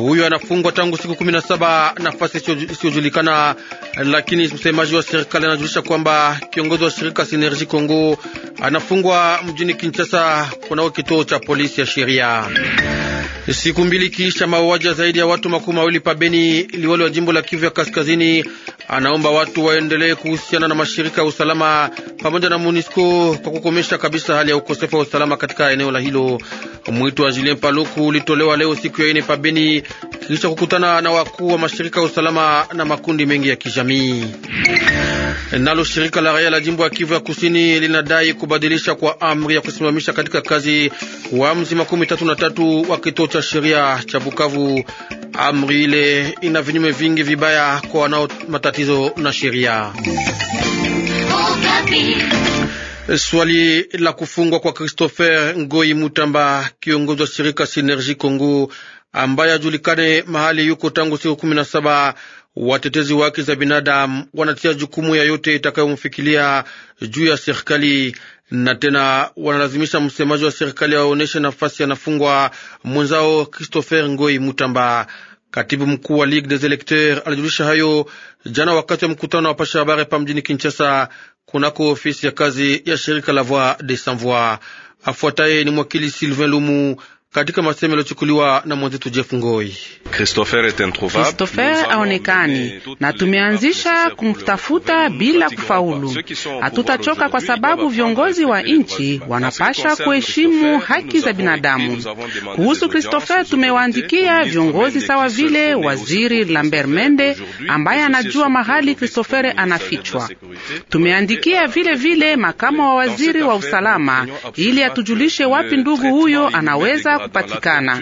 Huyo anafungwa tangu siku kumi na saba, nafasi isiyojulikana, lakini msemaji wa serikali anajulisha kwamba kiongozi wa shirika Sinergi Kongo anafungwa mjini Kinshasa kunao kituo cha polisi ya sheria. Siku mbili kisha mauaji zaidi ya watu makumi mawili pabeni, liwali wa jimbo la Kivu ya Kaskazini anaomba watu waendelee kuhusiana na mashirika ya usalama pamoja na MONUSCO kwa kukomesha kabisa hali ya ukosefu wa usalama katika eneo la hilo. Mwito wa Julien Paluku ulitolewa leo siku ya ine pabeni kisha kukutana na wakuu wa mashirika ya usalama na makundi mengi ya kijamii. Nalo shirika la raia la jimbo ya Kivu ya Kusini linadai kubadilisha kwa amri ya kusimamisha katika kazi wamzi makumi tatu na tatu wa kituo cha sheria cha Bukavu. Amri ile ina vinyume vingi vibaya kwa wanao matatizo na sheria. Swali la kufungwa kwa Christopher Ngoi Mutamba, kiongozi wa shirika Synergie Kongo ambaye ajulikane mahali yuko tangu siku kumi na saba. Watetezi wa haki za binadamu wanatia jukumu ya yote itakayomfikilia juu ya serikali na tena wanalazimisha msemaji wa serikali aonyeshe nafasi yanafungwa mwenzao Christopher Ngoi Mutamba. Katibu mkuu wa Ligue des Electeurs alijulisha hayo jana wakati wa mkutano wa pasha habari pa mjini Kinshasa, kunako ofisi ya kazi ya shirika la Voix des Sans Voix. Afuataye ni mwakili Sylvain Lumu katika maseme yaliyochukuliwa na mwenzetu Jeff Ngoi. Christopher aonekani na tumeanzisha kumtafuta bila kufaulu. Hatutachoka kwa sababu viongozi wa nchi wanapasha kuheshimu haki za binadamu. Kuhusu Christopher, tumewaandikia viongozi sawa vile waziri Lambert Mende ambaye anajua mahali Christopher anafichwa. Tumeandikia vile vile makamo wa waziri wa usalama ili atujulishe wapi ndugu huyo anaweza kupatikana.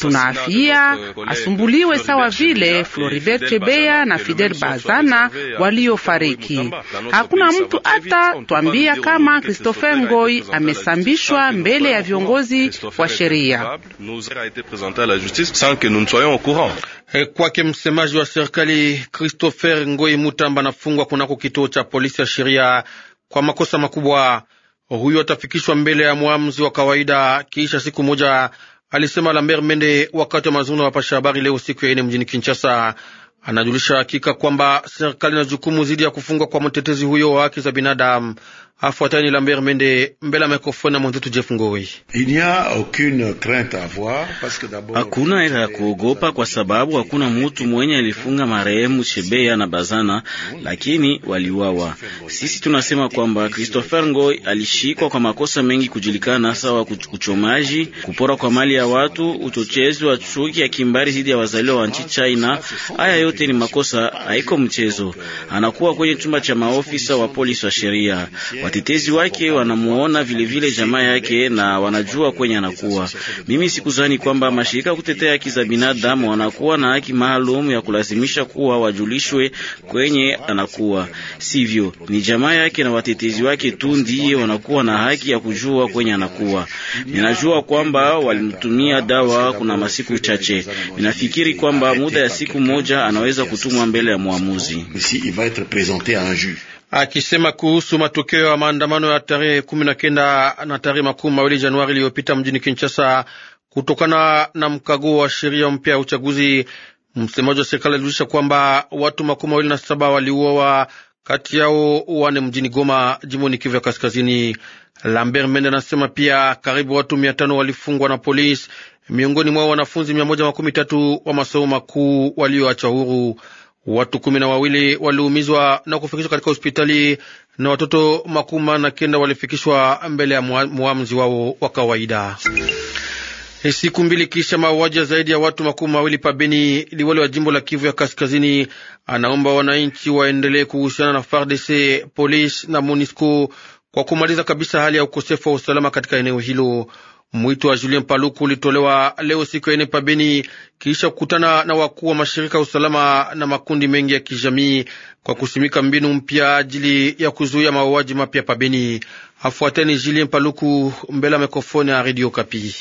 Tunaafia asumbuliwe sawa vile Floribert chebea na Fidel Bazana waliofariki. Hakuna mtu hata twambia kama Christopher Ngoi amesambishwa mbele ya viongozi wa sheria. Eh, kwake msemaji wa serikali Christopher Ngoi Mutamba anafungwa kunako kituo cha polisi ya sheria kwa makosa makubwa huyo atafikishwa mbele ya mwamzi wa kawaida kisha siku moja, alisema Lambert Mende wakati wa mazungumzo ya wapasha habari leo siku ya ine mjini Kinshasa. Anajulisha hakika kwamba serikali na jukumu zidi ya kufungwa kwa mtetezi huyo wa haki za binadamu. Afuatani Lambert Mende mbele ya mikrofoni na mwenzetu Jeff Ngoi. Hakuna ila ya kuogopa kwa sababu hakuna mutu mwenye alifunga marehemu Shebeya na Bazana, lakini waliuawa. Sisi tunasema kwamba Christopher Ngoi alishikwa kwa makosa mengi kujulikana, sawa kuchomaji, kupora kwa mali ya watu, uchochezi wa chuki ya kimbari dhidi ya wazaliwa wa nchi China. Haya yote ni makosa, haiko mchezo. Anakuwa kwenye chumba cha maofisa wa polisi wa sheria Watetezi wake wanamuona vilevile jamaa yake na wanajua kwenye anakuwa. Mimi sikuzani kwamba mashirika ya kutetea haki za binadamu wanakuwa na haki maalum ya kulazimisha kuwa wajulishwe kwenye anakuwa, sivyo? Ni jamaa yake na watetezi wake tu ndiye wanakuwa na haki ya kujua kwenye anakuwa. Ninajua kwamba walimtumia dawa kuna masiku chache. Ninafikiri kwamba muda ya siku moja anaweza kutumwa mbele ya mwamuzi akisema kuhusu matokeo ya maandamano ya tarehe kumi na kenda na tarehe makumi mawili Januari iliyopita mjini Kinshasa kutokana na mkaguo wa sheria mpya ya uchaguzi. Msemaji wa serikali alijulisha kwamba watu makumi mawili na saba waliuawa, kati yao wane mjini Goma, jimboni Kivu ya Kaskazini. Lambert Mende anasema pia karibu watu mia tano walifungwa na polisi, miongoni mwao wanafunzi mia moja makumi tatu wa masomo makuu walioachwa huru. Watu kumi na wawili waliumizwa na kufikishwa katika hospitali na watoto makuma na kenda walifikishwa mbele ya muamzi wao wa kawaida. Siku mbili kisha mauaji zaidi ya watu makumi mawili pabeni, liwali wa jimbo la Kivu ya Kaskazini anaomba wananchi waendelee kuhusiana na FARDC, polisi na MONUSCO kwa kumaliza kabisa hali ya ukosefu wa usalama katika eneo hilo. Mwito wa Julien Paluku ulitolewa leo siku ya ine pabeni kisha kukutana na wakuu wa mashirika ya usalama na makundi mengi ya kijamii kwa kusimika mbinu mpya ajili ya kuzuia mauaji mapya pabeni. Afuateni Julien Paluku mbele ya mikrofoni ya Radio Kapi.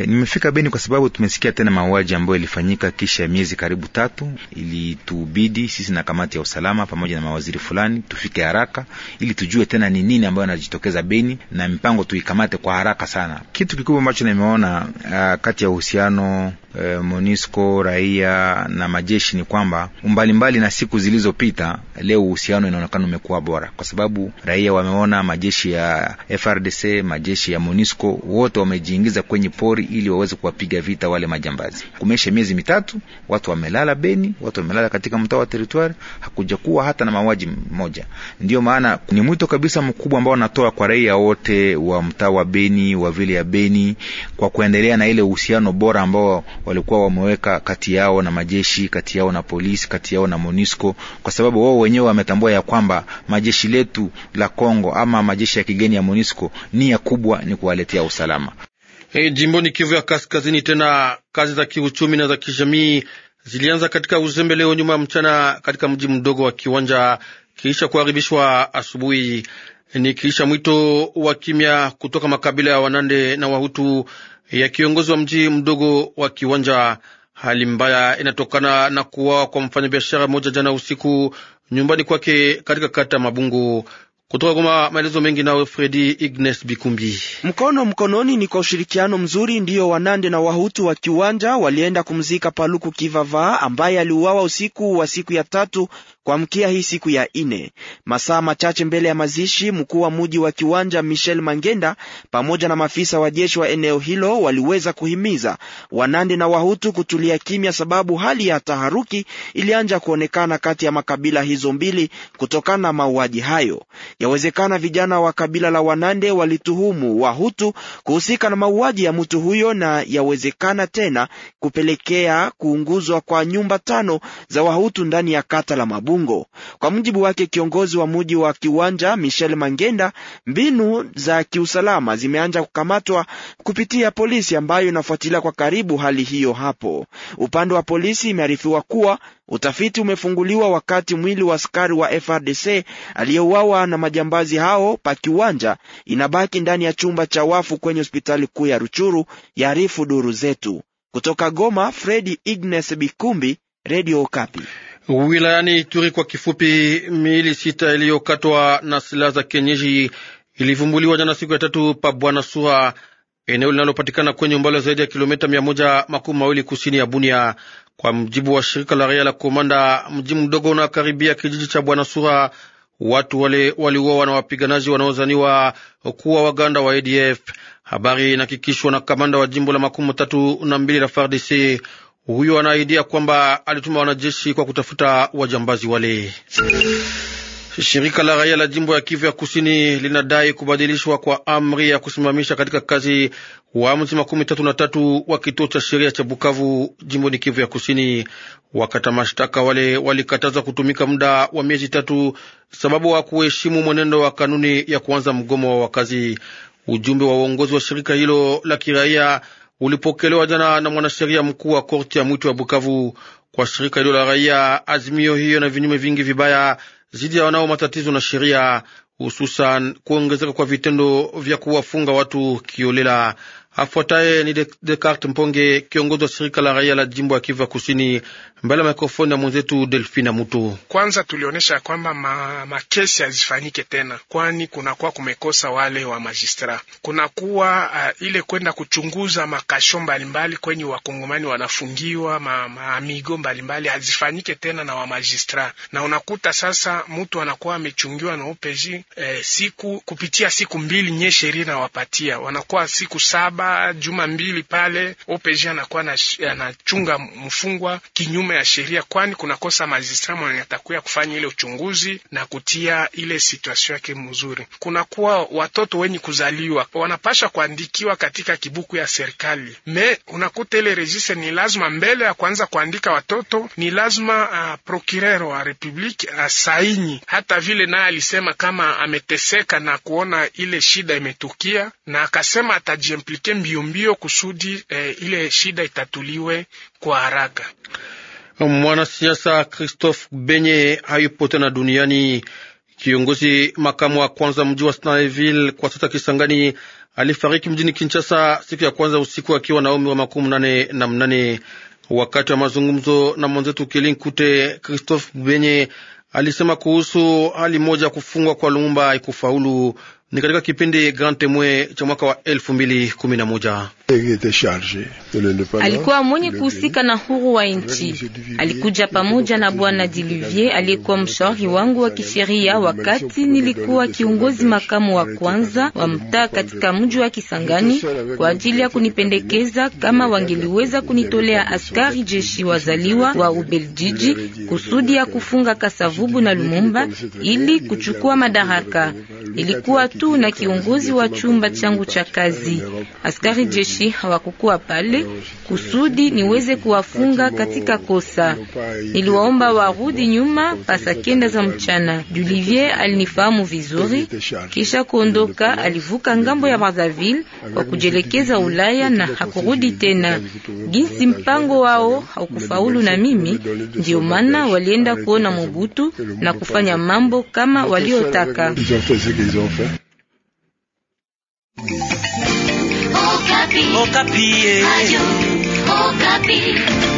Eh, nimefika Beni kwa sababu tumesikia tena mauaji ambayo ilifanyika kisha miezi karibu tatu. Ilitubidi sisi na kamati ya usalama pamoja na mawaziri fulani tufike haraka ili tujue tena ni nini ambayo anajitokeza Beni na mipango tuikamate kwa haraka sana. Kitu kikubwa ambacho nimeona uh, kati ya uhusiano uh, MONUSCO raia na majeshi ni kwamba umbali mbali na siku zilizopita, leo uhusiano inaonekana umekuwa bora, kwa sababu raia wameona majeshi ya FRDC, majeshi ya MONUSCO wote wamejiingiza kwenye pori ili waweze kuwapiga vita wale majambazi. Kumesha miezi mitatu watu wamelala Beni, watu wamelala katika mtaa wa teritwari, hakujakuwa hata na mauaji mmoja. Ndio maana ni mwito kabisa mkubwa ambao natoa kwa raia wote wa mtaa wa Beni, wa vile ya Beni, kwa kuendelea na ile uhusiano bora ambao walikuwa wameweka kati yao na majeshi, kati yao na polisi, kati yao na Monisco, kwa sababu wao wenyewe wametambua ya kwamba majeshi letu la Kongo ama majeshi ya kigeni ya MONUSCO nia kubwa ni kuwaletea usalama. Hey, eh, jimboni Kivu ya Kaskazini, tena kazi za kiuchumi na za kijamii zilianza katika uzembe leo nyuma mchana katika mji mdogo wa Kiwanja kiisha kuharibishwa asubuhi, ni kiisha mwito wa kimya kutoka makabila ya Wanande na Wahutu ya kiongozi wa mji mdogo wa Kiwanja. Hali mbaya inatokana na kuwawa kwa mfanyabiashara mmoja jana usiku nyumbani kwake katika kata Mabungu. Kutoka kwa maelezo mengi nawe Fredi Ignes Bikumbi. Mkono mkononi ni kwa ushirikiano mzuri, ndiyo Wanande na Wahutu wa Kiwanja walienda kumzika Paluku Kivavaa ambaye aliuawa usiku wa siku ya tatu Kuamkia hii siku ya ine, masaa machache mbele ya mazishi, mkuu wa muji wa Kiwanja Michel Mangenda pamoja na maafisa wa jeshi wa eneo hilo waliweza kuhimiza Wanande na Wahutu kutulia kimya, sababu hali ya taharuki ilianja kuonekana kati ya makabila hizo mbili kutokana na mauaji hayo. Yawezekana vijana wa kabila la Wanande walituhumu Wahutu kuhusika na mauaji ya mtu huyo, na yawezekana tena kupelekea kuunguzwa kwa nyumba tano za Wahutu ndani ya kata la Mabu. Ubungo. Kwa mujibu wake kiongozi wa muji wa Kiwanja Michel Mangenda, mbinu za kiusalama zimeanza kukamatwa kupitia polisi ambayo inafuatilia kwa karibu hali hiyo hapo. Upande wa polisi imearifiwa kuwa utafiti umefunguliwa wakati mwili wa askari wa FRDC aliyeuawa na majambazi hao pa Kiwanja inabaki ndani ya chumba cha wafu kwenye hospitali kuu ya Ruchuru, yaarifu duru zetu. Kutoka Goma, Fredi Ignes Bikumbi, Radio Okapi. Wilayani Ituri kwa kifupi, miili sita iliyokatwa na silaha za kienyeji ilivumbuliwa jana siku ya tatu pa Bwana Suha, eneo linalopatikana kwenye umbali zaidi ya kilomita mia moja makumi mawili kusini ya Bunia, kwa mjibu wa shirika la raia la Komanda. Mji mdogo unakaribia kijiji cha Bwana Suha, watu wale waliuawa na wapiganaji wanaozaniwa kuwa waganda wa ADF. Habari inahakikishwa na kamanda wa jimbo la makumi matatu na mbili la FARDC. Huyo anaahidia kwamba alituma wanajeshi kwa kutafuta wajambazi wale. Shirika la raia la jimbo ya Kivu ya kusini linadai kubadilishwa kwa amri ya kusimamisha katika kazi waamuzi makumi tatu na tatu wa kituo cha sheria cha Bukavu jimboni Kivu ya kusini. Wakata mashtaka wale walikatazwa kutumika muda wa miezi tatu sababu kuheshimu mwenendo wa kanuni ya kuanza mgomo wa wakazi. Ujumbe wa uongozi wa shirika hilo la kiraia ulipokelewa jana na mwanasheria mkuu wa korti ya mwito wa Bukavu kwa shirika hilo la raia. Azimio hiyo na vinyume vingi vibaya zidi ya wanao matatizo na sheria, hususan kuongezeka kwa vitendo vya kuwafunga watu kiolela. Afuataye ni Descartes Mponge, kiongozi wa shirika la raia la jimbo ya Kivu Kusini, mbele ya mikrofoni ya mwenzetu Delfina Mutu. Kwanza tulionyesha ya kwamba ma, makesi hazifanyike tena, kwani kunakuwa kumekosa wale wa majistra, kunakuwa uh, ile kwenda kuchunguza makasho mbalimbali kwenye wakongomani wanafungiwa ma, maamigo mbalimbali hazifanyike tena na wamajistra, na unakuta sasa mtu anakuwa amechungiwa na opg eh, siku kupitia siku mbili nye sheria nawapatia wanakuwa siku saba juma mbili pale, OPG anakuwa anachunga mfungwa kinyume ya sheria, kwani kunakosa magistrat mwenye atakuya kufanya ile uchunguzi na kutia ile situation yake mzuri. Kunakuwa watoto wenye kuzaliwa wanapasha kuandikiwa katika kibuku ya serikali me, unakuta ile registre ni lazima mbele ya kuanza kuandika watoto ni lazima uh, procureur wa republique asaini uh, hata vile naye alisema kama ameteseka na kuona ile shida imetukia na akasema atajiimplike yake mbio mbio kusudi eh, ile shida itatuliwe kwa haraka. Mwanasiasa Christophe Benye hayupo tena duniani. Kiongozi makamu wa kwanza mji wa Snaeville kwa sasa Kisangani alifariki mjini Kinshasa siku ya kwanza usiku akiwa na umri wa makumi nane na mnane. Wakati wa mazungumzo na mwenzetu Kelin Kute, Christophe Benye alisema kuhusu hali moja kufungwa kwa Lumumba haikufaulu ni katika kipindi Grand Temwe cha mwaka wa elfu mbili kumi na moja alikuwa mwenye kuhusika na huru wa nchi. Alikuja pamoja na bwana Diluvier aliyekuwa mshauri wangu wa kisheria wakati nilikuwa kiongozi makamu wa kwanza wa mtaa katika mji wa Kisangani, kwa ajili ya kunipendekeza kama wangeliweza kunitolea askari jeshi wazaliwa wa Ubeljiji kusudi ya kufunga Kasavubu na Lumumba ili kuchukua madaraka. Ilikuwa tu na kiongozi wa chumba changu cha kazi askari jeshi jeshi hawakukuwa pale kusudi niweze kuwafunga katika kosa. Niliwaomba warudi nyuma pasa kenda za mchana. Julivier alinifahamu vizuri, kisha kuondoka alivuka ngambo ya Brazzaville kwa kujelekeza Ulaya na hakurudi tena. Jinsi mpango wao haukufaulu na mimi, ndio maana walienda kuona Mobutu na kufanya mambo kama waliotaka. Okapi. Okapi.